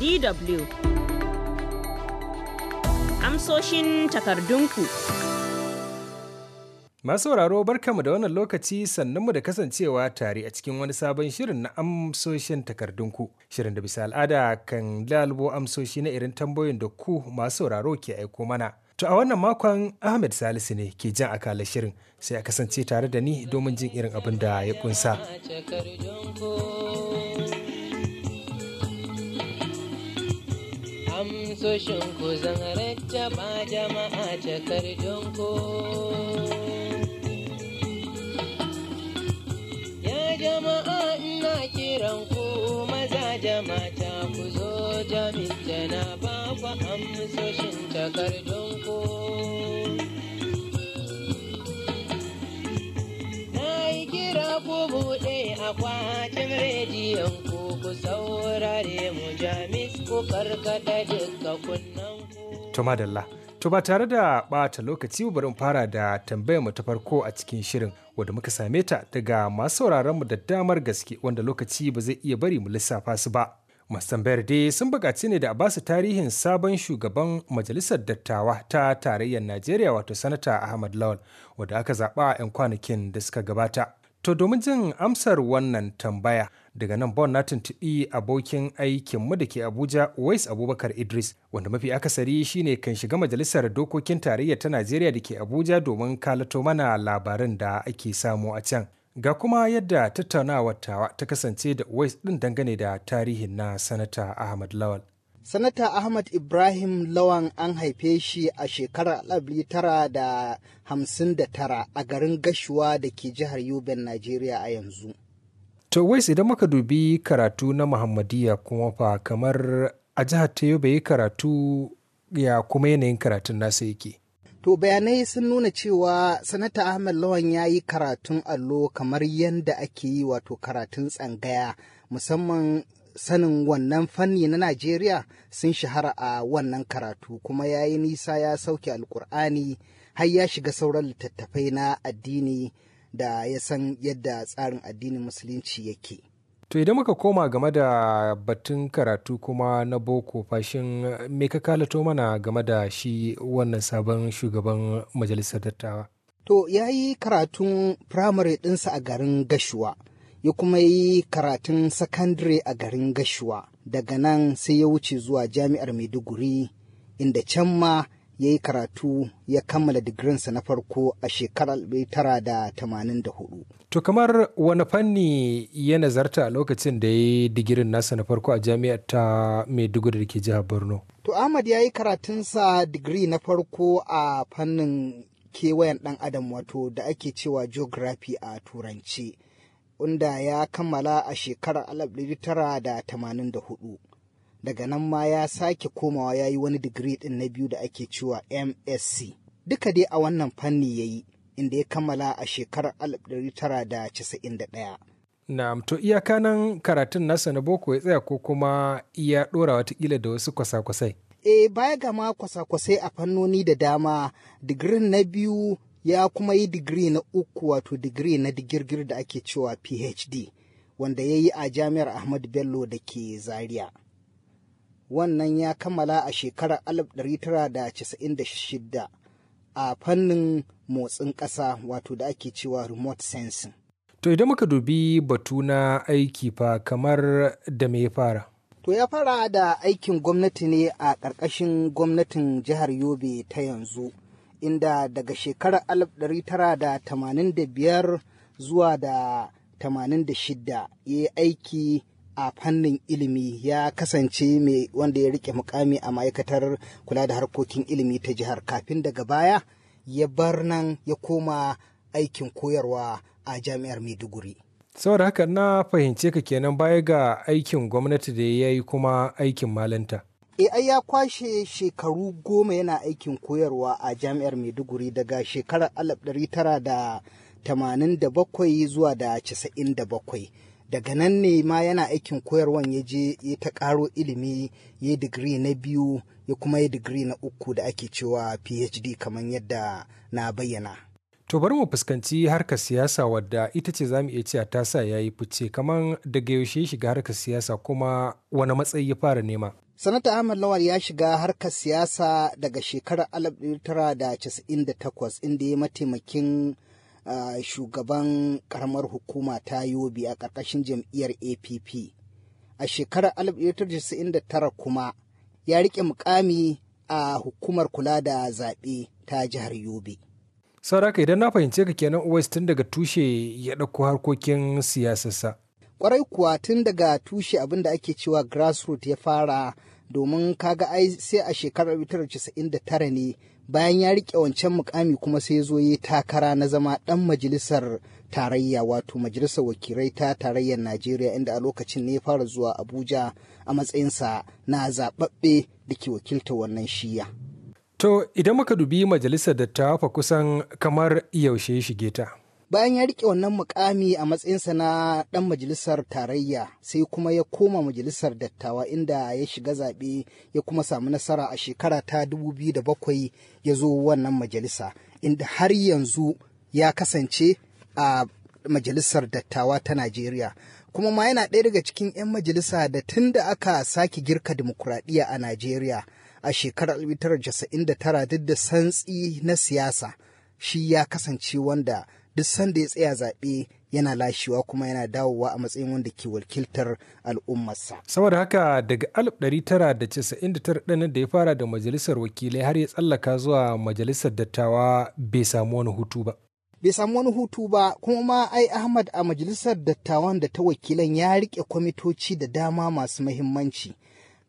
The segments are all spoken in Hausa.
DW. Amsoshin takardunku. Masu sauraro barkamu da wannan lokaci mu da kasancewa tare a cikin wani sabon shirin na amsoshin takardunku. Shirin da bisa al'ada kan lalubo amsoshi na irin tambayoyin da ku masu sauraro ke aiko mana. To a wannan makon Ahmed Salisu ne ke jan akalar shirin sai a kasance tare da ni domin jin irin abin da ya kunsa. amsoshin ku zan rattaba jama'a takardun ku ya jama'a ina kiran ku maza jama'a ku zo jami'a na ba ku amsoshin takardun ku na yi kira ku buɗe akwatin rediyon ku ku saurare mu jami'a ku karkata To ba tare da ɓata lokaci bari in fara da tambayar mu ta farko a cikin shirin wadda muka same ta daga masu sauraron mu da damar gaske wanda lokaci ba zai iya bari mu lissafa su ba. Masu tambayar dai sun buƙaci ne da a basu tarihin sabon shugaban majalisar dattawa ta tarayyar Najeriya wato sanata Ahmad Lawal wadda aka zaɓa a 'yan kwanakin da suka gabata. To domin jin amsar wannan tambaya daga nan bon na tuntuɓi abokin aikinmu da ke Abuja wais Abubakar Idris wanda mafi akasari shine kan shiga majalisar dokokin tarayya ta Najeriya da ke Abuja domin kalato mana labarin da ake samu a can. Ga kuma yadda tattaunawar tawa ta kasance da wais ɗin dangane da tarihin na Sanata Ahmad Lawal. Sanata Ahmad Ibrahim Lawan an haife shi a shekarar 1959 a garin Gashuwa da ke jihar Yuben, Najeriya a yanzu. To wais idan muka dubi karatu na Muhammadiyya kuma fa kamar a jihar ta yi karatu ya kuma yanayin karatun nasa yake. To bayanai sun nuna cewa sanata Ahmad Lawan ya yi karatun allo kamar yadda ake yi wato karatun tsangaya musamman sanin wannan fanni na Najeriya sun shahara a wannan karatu kuma ya yi nisa ya sauke alkur'ani har ya shiga sauran littattafai na addini da ya san yadda tsarin addinin musulunci yake. To idan muka koma game da batun karatu kuma na boko fashin me ka kalato mana game da shi wannan sabon shugaban majalisar dattawa? To ya yi karatun firamare ɗinsa a garin Gashuwa. ya kuma yi karatun sakandare a garin Gashuwa. Daga nan sai ya wuce zuwa jami'ar Maiduguri inda can ma ya yi karatu ya kammala digirinsa na farko a shekarar 1984. To kamar wani fanni ya nazarta a lokacin da ya yi digirin nasa na farko a jami'ar ta Maiduguri da ke jihar Borno. To Ahmad ya yi karatunsa digiri na farko a fannin kewayen dan adam wato da ake cewa geography a turanci. wanda ya kammala a shekarar 1984 daga nan ma ya sake komawa ya yi wani digiri ɗin na biyu da ake cewa msc duka dai a wannan fanni ya yi inda ya kammala a shekarar 1991 na'am to iyaka nan karatun nasa na boko ya tsaya ko kuma iya ɗora watakila da wasu kwasa-kwasai e baya gama kwasa-kwasai a fannoni da dama digirin na biyu ya kuma yi digiri na uku wato digiri na digirgir da ake cewa phd wanda ya yi a jami'ar ahmadu bello da ke zaria wannan ya kammala a shekarar 1996 a fannin motsin ƙasa wato da ake cewa remote sensing to idan muka dubi batu na aiki fa kamar da me fara to ya fara da aikin gwamnati ne a ƙarƙashin gwamnatin jihar yobe ta yanzu inda daga shekarar 1985 zuwa da 86 ya yi aiki a fannin ilimi ya kasance mai wanda ya rike mukami a ma'aikatar kula da harkokin ilimi ta jihar kafin daga baya ya bar nan ya koma aikin koyarwa a jami'ar maiduguri saboda haka na fahimce ka kenan baya ga aikin gwamnati da ya yi kuma aikin malanta Eh, ai ya kwashe shekaru goma yana aikin koyarwa a jami'ar maiduguri daga shekarar da da tamanin bakwai zuwa da casa'in da bakwai, daga nan ne ma yana aikin koyarwan ya je ya ta karo ilimi ya digiri na biyu ya kuma ya digiri na uku da ake cewa phd kamar yadda na bayyana to bari mu fuskanci harkar siyasa wadda ita ce zamu iya cewa ta sa yayi fice kamar daga yaushe shiga harkar siyasa kuma wani matsayi ya fara nema Sanata Ahmad Lawal ya shiga harkar siyasa daga shekarar 1998 inda ya mataimakin shugaban karamar hukuma ta Yobe a ƙarƙashin jam'iyyar APP. A shekarar 1999 kuma ya rike mukami a hukumar kula da zaɓe ta jihar Yobe. Saraka idan na fahimce ka kenan Uwais tun daga tushe ya ɗauko harkokin siyasarsa. kwarai kuwa tun daga tushe abin da ake cewa grassroot ya fara domin kaga ai sai a shekarar 1999 ne bayan ya rike wancan mukami kuma sai ya zo ya takara na zama dan majalisar tarayya wato majalisar wakilai ta tarayyar najeriya inda a lokacin ne ya fara zuwa abuja a matsayinsa na zababbe da ke wakilta wannan shiya to idan muka dubi majalisar da ta kusan kamar yaushe shige ta bayan ya rike wannan mukami a matsayinsa na dan majalisar tarayya sai kuma ya koma majalisar dattawa inda ya shiga zaɓe ya kuma samu nasara a shekara ta 2007 ya zo wannan majalisa inda har yanzu ya kasance a majalisar dattawa ta najeriya kuma ma yana ɗaya daga cikin 'yan majalisa da tun da aka sake girka dimokuraɗiyya a najeriya a shekarar 1999 duk da santsi na siyasa shi ya kasance wanda duk sanda ya tsaya zaɓe yana lashewa kuma yana dawowa a matsayin wanda ke wakiltar al'ummarsa. saboda haka daga 1999 ɗin da ya fara da majalisar wakilai har ya tsallaka zuwa majalisar dattawa bai samu wani hutu ba. bai samu wani hutu ba kuma ma ai ahmad a majalisar dattawan da ta wakilan ya rike kwamitoci da dama masu mahimmanci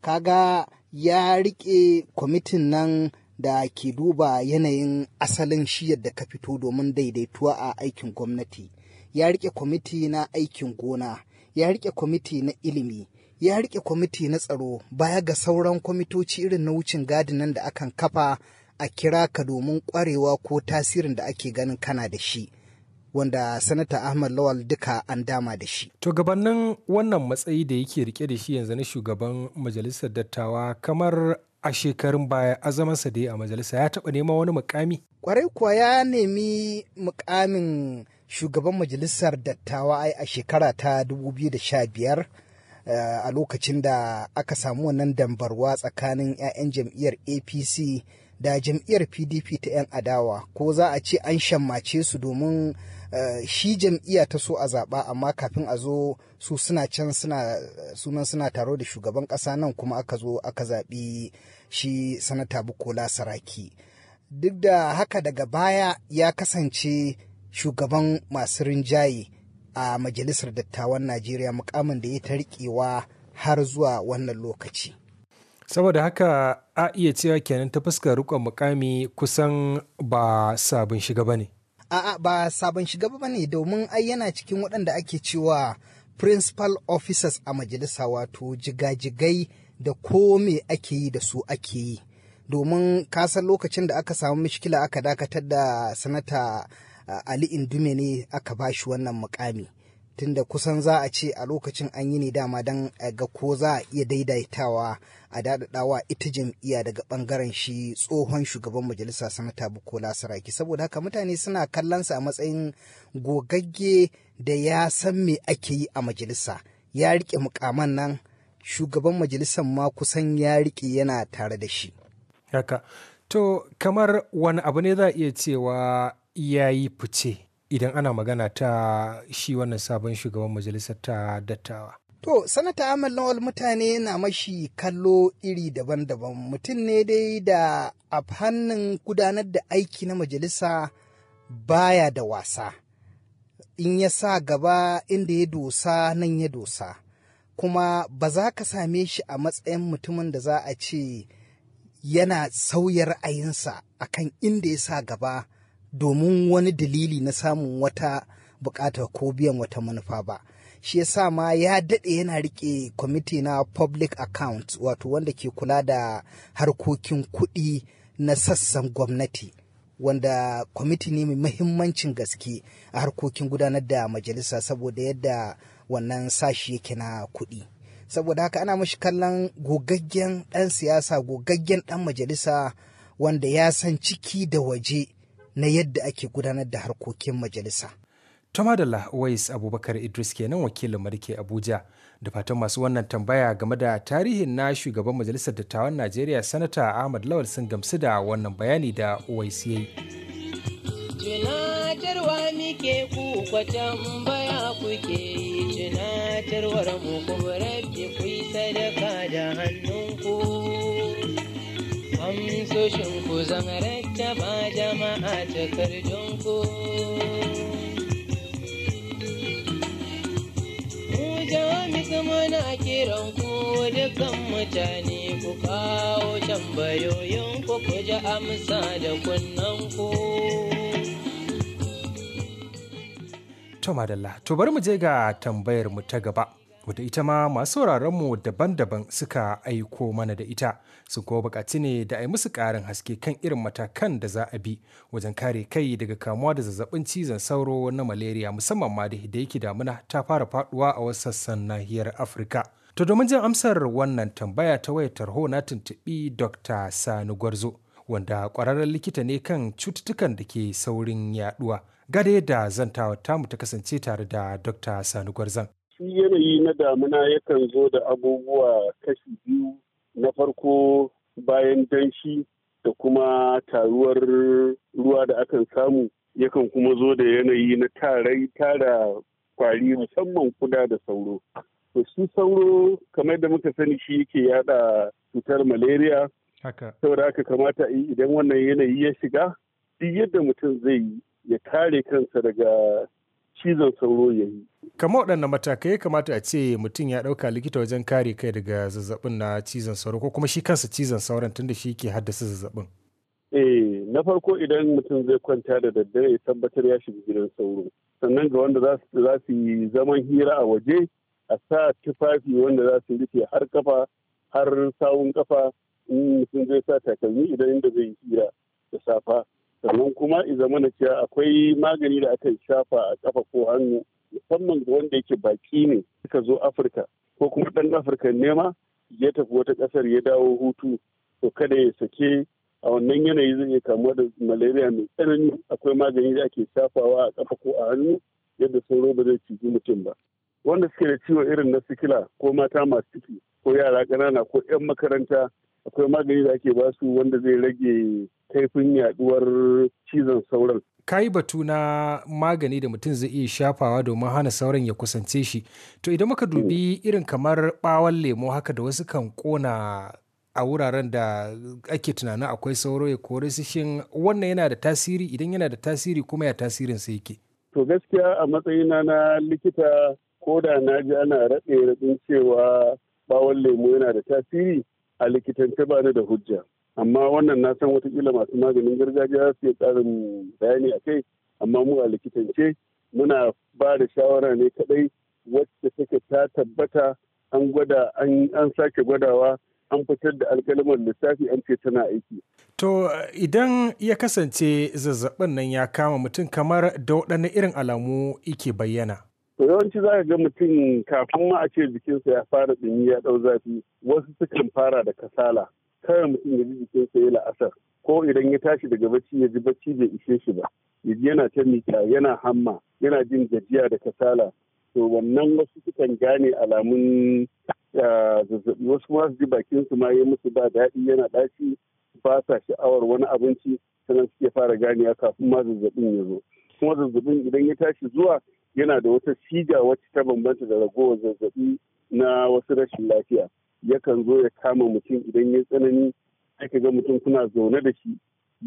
kaga ya rike kwamitin nan da ke duba yanayin asalin shi yadda ka fito domin daidaituwa a aikin gwamnati ya rike kwamiti na aikin gona ya rike kwamiti na ilimi ya rike kwamiti na tsaro baya ga sauran kwamitoci irin na wucin gadi da akan kafa a kira ka domin kwarewa ko tasirin da ake ganin kana da shi wanda sanata ahmad lawal duka an dama da shi to gabanin wannan matsayi da yake rike da shi yanzu na shugaban majalisar dattawa kamar a shekarun baya a sa da a majalisa ya taɓa neman wani mukami? Kwarai kuwa ya nemi mukamin shugaban majalisar dattawa ai a shekara ta 2015 eh, a lokacin da aka samu wannan dambarwa tsakanin 'ya'yan jam'iyyar apc da jam'iyyar pdp ta 'yan adawa ko za a ce an shammace su domin eh, shi jam'iyya ta so a zaɓa amma kafin a zo su suna can sunan suna taro da shugaban ƙasa nan kuma aka zo aka zaɓi shi sanata bukola saraki duk da haka daga baya ya kasance shugaban masu rinjaye a majalisar dattawan najeriya mukamin da ya ta riƙewa har zuwa wannan lokaci saboda haka a iya cewa kenan ta fuskar rikon mukami kusan ba sabon shiga ba ne a'a ba sabon shiga ba ne domin ai yana cikin waɗanda ake cewa principal officers a majalisa wato jigajigai da ko me ake yi da su ake yi domin kasan lokacin da aka samu mishkila aka dakatar da sanata ah, ali indume ne aka bashi wannan mukami tunda kusan za a ce a lokacin an yi ne dama don ga ko za a iya daidaitawa a daɗaɗawa ita jam'iyya daga ɓangaren shi tsohon shugaban majalisa sanata bukola saraki saboda haka mutane suna kallonsa a matsayin gogagge da ya san me ake yi a majalisa ya riƙe mukaman nan shugaban majalisan ma kusan ya riƙe yana tare da shi to kamar wani abu ne za a iya cewa ya yi fice idan ana magana ta shi wannan sabon shugaban majalisar ta dattawa. To, sanata Ahmad Lawal mutane na mashi kallo iri daban-daban mutum ne dai da a hannun gudanar da aiki na majalisa baya da wasa. In ya sa gaba inda ya dosa nan ya dosa, kuma ba za ka same shi a matsayin mutumin da za a ce yana sauya ra'ayinsa akan inda ya sa gaba. domin wani dalili na samun wata bukata ko biyan wata manufa ba shi yasa ma ya daɗe yana riƙe kwamiti na public account wato wanda ke kula da harkokin kuɗi na sassan gwamnati wanda kwamiti ne mai mahimmancin gaske a harkokin gudanar da majalisa saboda yadda wannan sashi yake na kuɗi saboda haka ana mashi kallon gogaggen ɗan siyasa gogaggen ɗan majalisa wanda ya san ciki da waje na yadda ake gudanar da harkokin majalisa. Tamadala Wais Abubakar Idris kenan wakilin Marike Abuja da fatan masu wannan tambaya game da tarihin na shugaban Majalisar Dattawan Najeriya Sanata Ahmad Lawal sun gamsu da wannan bayani da Wais yayi. Tunatarwa muke ku tambaya kuke yi tunatarwar mu kuma rabbi ku sadaka. amsoshin ku zama rattaba jama'a takardun ku. Mu jawami muna kiran ku dukkan mutane ku kawo tambayoyin ku ku ji amsa da kunnan ku. To madalla, to bari mu je ga tambayar mu ta gaba. wadda ita ma masu mu daban-daban suka aiko mana da ita su kuma bukaci ne da a yi musu karin haske kan irin matakan da za a bi wajen kare kai daga kamuwa da zazzabin cizon sauro na malaria musamman ma da yake damuna ta fara faduwa a wasu sassan nahiyar afirka to domin jin amsar wannan tambaya ta wayar tarho na tuntubi dr sani gwarzo wanda kwararren likita ne kan cututtukan da ke saurin yaduwa gade da zantawa tamu ta kasance tare da dr sani gwarzon shi yanayi na damuna yakan zo da abubuwa kashi biyu na farko bayan danshi da kuma taruwar ruwa da akan samu yakan kuma zo da yanayi na tarai tara kwari musamman kuda da sauro to shi sauro kamar da muka sani shi yake yada cutar malaria haka saboda haka kamata idan wannan yanayi ya shiga duk yadda mutum zai ya kare kansa daga cizon sauro ya yi. Kama waɗanne matakai ya kamata a ce mutum ya ɗauka likita wajen kare kai daga zazzabin na cizon sauro ko kuma shi kansa cizon sauron tunda shi ke haddasa zazzabin. Eh, na farko idan mutum zai kwanta da daddare ya tabbatar ya shiga gidan sauro. Sannan ga wanda za su yi zaman hira a waje a sa tufafi wanda za su rufe har kafa har sawun kafa in mutum zai sa takalmi idan inda zai yi hira da safa. sannan kuma idan mana cewa akwai magani da aka shafa a kafa ko hannu musamman ga wanda yake baki ne suka zo afirka ko kuma ɗan afirka nema ya tafi wata ƙasar ya dawo hutu to kada ya sake a wannan yanayi zai kamuwa da malaria mai tsanani akwai magani da ake shafawa a kafa ko a hannu yadda sauro ba zai ciji mutum ba wanda suke da ciwon irin na sikila ko mata masu ciki ko yara ƙanana ko 'yan makaranta akwai magani da ake ba su wanda zai rage kaifin yaduwar cizon sauran ka yi batu na magani da mutum zai iya shafawa domin hana sauran ya kusance shi to idan muka dubi irin kamar bawon lemo haka da wasu kan kona a wuraren da ake tunanin akwai sauro ya kore su shin wannan yana da tasiri idan yana da tasiri kuma ya tasirin sa yake to gaskiya a matsayina na likita ko da na ji ana raɗe raɗin cewa bawon lemo yana da tasiri a likitance ba da hujja amma wannan na san watakila masu maganin gargajiya su yi tsarin bayani a kai amma mu a likitance muna ba da shawara ne kadai wacce take ta tabbata an gwada an sake gwadawa an fitar da alkalimar lissafi an ce tana aiki. To idan ya kasance zazzabin nan ya kama mutum kamar da waɗanne irin alamu ike bayyana? to yawanci za ga mutum kafin ma a ce jikinsa ya fara ɗumi ya ɗau zafi wasu sukan fara da kasala kawai mutum ya ji jikinsa ya la'asar ko idan ya tashi daga bacci ya ji bacci bai ishe shi ba ji yana ta miƙa yana hamma yana jin gajiya da kasala to wannan wasu sukan gane alamun zazzabi wasu ma su ji bakinsu ma ya musu ba daɗi yana ɗaci ba sa sha'awar wani abinci sannan suke fara ganewa kafin ma zazzabin ya zo kuma zazzabin idan ya tashi zuwa yana da wata siga wacce ta bambanta da ragowar zazzabi na wasu rashin lafiya yakan zo ya kama mutum idan ya tsanani ake ga mutum kuna zaune da shi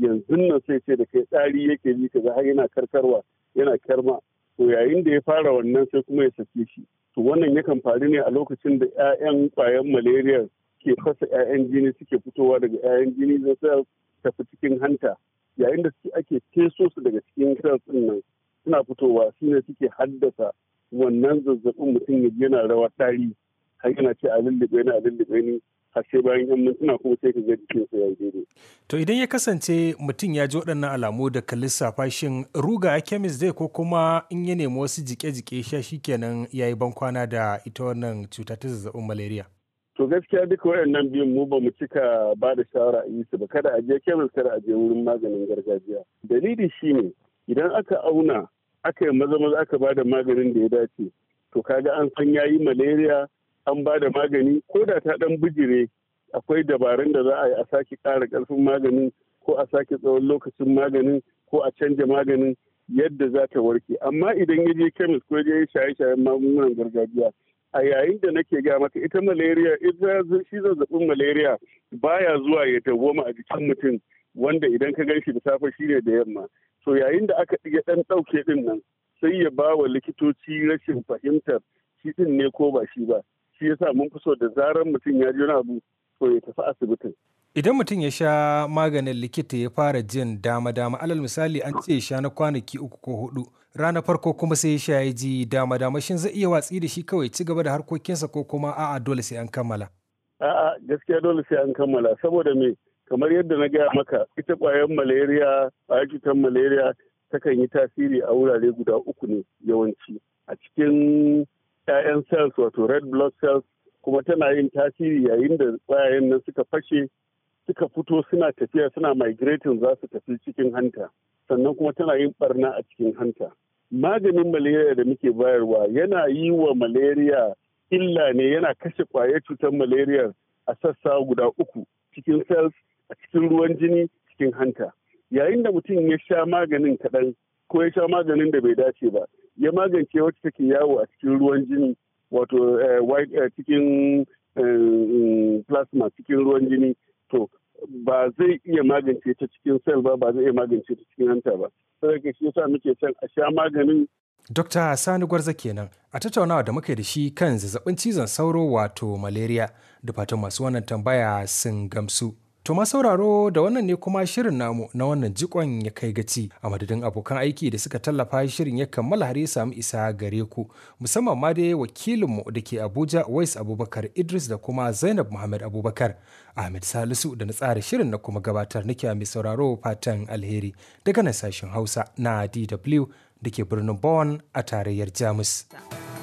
yanzu nan sai ce da kai tsari yake ji kaga har yana karkarwa yana kyarma to yayin da ya fara wannan sai kuma ya sake shi to wannan yakan faru ne a lokacin da 'ya'yan kwayan malaria ke fasa 'ya'yan jini suke fitowa daga 'ya'yan jini su tafi cikin hanta yayin da ake teso su daga cikin cells nan suna fitowa su ne suke haddasa wannan zazzabin mutum ya yana rawa tari har yana ce a lullube ni a lullube ni har sai bayan yan mintuna kuma sai ka ga jikinsa ya daidai. To idan ya kasance mutum ya ji waɗannan alamu da ka lissafa shin ruga kemis zai ko kuma in ya nemi wasu jike-jike sha shikenan ya yi bankwana da ita wannan cuta ta zazzabin malaria. To gaskiya duka waɗannan biyun mu ba mu cika ba da shawara a yi su ba kada a je kemis kada a je wurin maganin gargajiya. Dalili shine idan aka auna aka yi maza maza aka ba da maganin da ya dace to kaga an san ya yi malaria an ba da magani ko da ta dan bijire akwai dabarun da za a yi a sake kara karfin maganin ko a sake tsawon lokacin maganin ko a canja maganin yadda za ta warke amma idan ya je kemis ko yi shaye-shayen magungunan gargajiya a yayin da nake ga maka ita malaria ita shi zazzabin malaria baya zuwa ya dawwama a jikin mutum wanda idan ka gan shi da safe shi ne da yamma so yayin da aka ɗige ɗan ɗauke ɗin nan sai ya ba wa likitoci rashin fahimtar shi ɗin ne ko ba shi ba shi yasa mun fi so da zarar mutum ya ji wani abu so ya tafi asibitin idan mutum ya sha maganin likita ya fara jin dama-dama alal misali an ce sha na kwanaki uku ko hudu rana farko kuma sai ya sha ya ji dama-dama shin zai iya watsi da shi kawai ci gaba da harkokinsa ko kuma a'a dole sai an kammala a'a gaskiya dole sai an kammala saboda me kamar yadda na gaya maka ita kwayan malaria kwayar cutar malaria takan yi tasiri a wurare guda uku ne yawanci a cikin 'ya'yan cells wato red blood cells kuma tana yin tasiri yayin da ƙwayayen nan suka fashe suka fito suna tafiya suna migrating za su tafi cikin hanta sannan kuma tana yin barna a cikin hanta maganin malaria da muke bayarwa yana yi wa malaria illa ne yana kashe ƙwayar cutar malaria a sassa guda uku cikin cells a cikin ruwan jini cikin hanta yayin da mutum ya sha maganin kaɗan ko ya sha maganin da bai dace ba ya magance wacce take yawo a cikin ruwan jini wato eh, eh, cikin eh, plasma cikin ruwan jini to ba zai iya magance ta cikin sel ba ba zai iya magance ta cikin hanta ba saboda shi yasa muke son a sha maganin Dokta Sani Gwarza kenan a tattaunawa da muke da shi kan zazzabin cizon sauro wato malaria da fatan masu wannan tambaya sun gamsu. To ma sauraro da wannan ne kuma shirin namu na wannan jikon ya kai gaci a madadin abokan aiki da suka tallafa shirin ya kammala har ya samu isa gare ku musamman ma dai wakilinmu da ke Abuja Wais Abubakar Idris da kuma Zainab Muhammad Abubakar Ahmed Salisu da na tsara shirin na kuma gabatar nake mai sauraro fatan alheri daga nan sashen Hausa na DW da ke birnin Bon a tarayyar Jamus.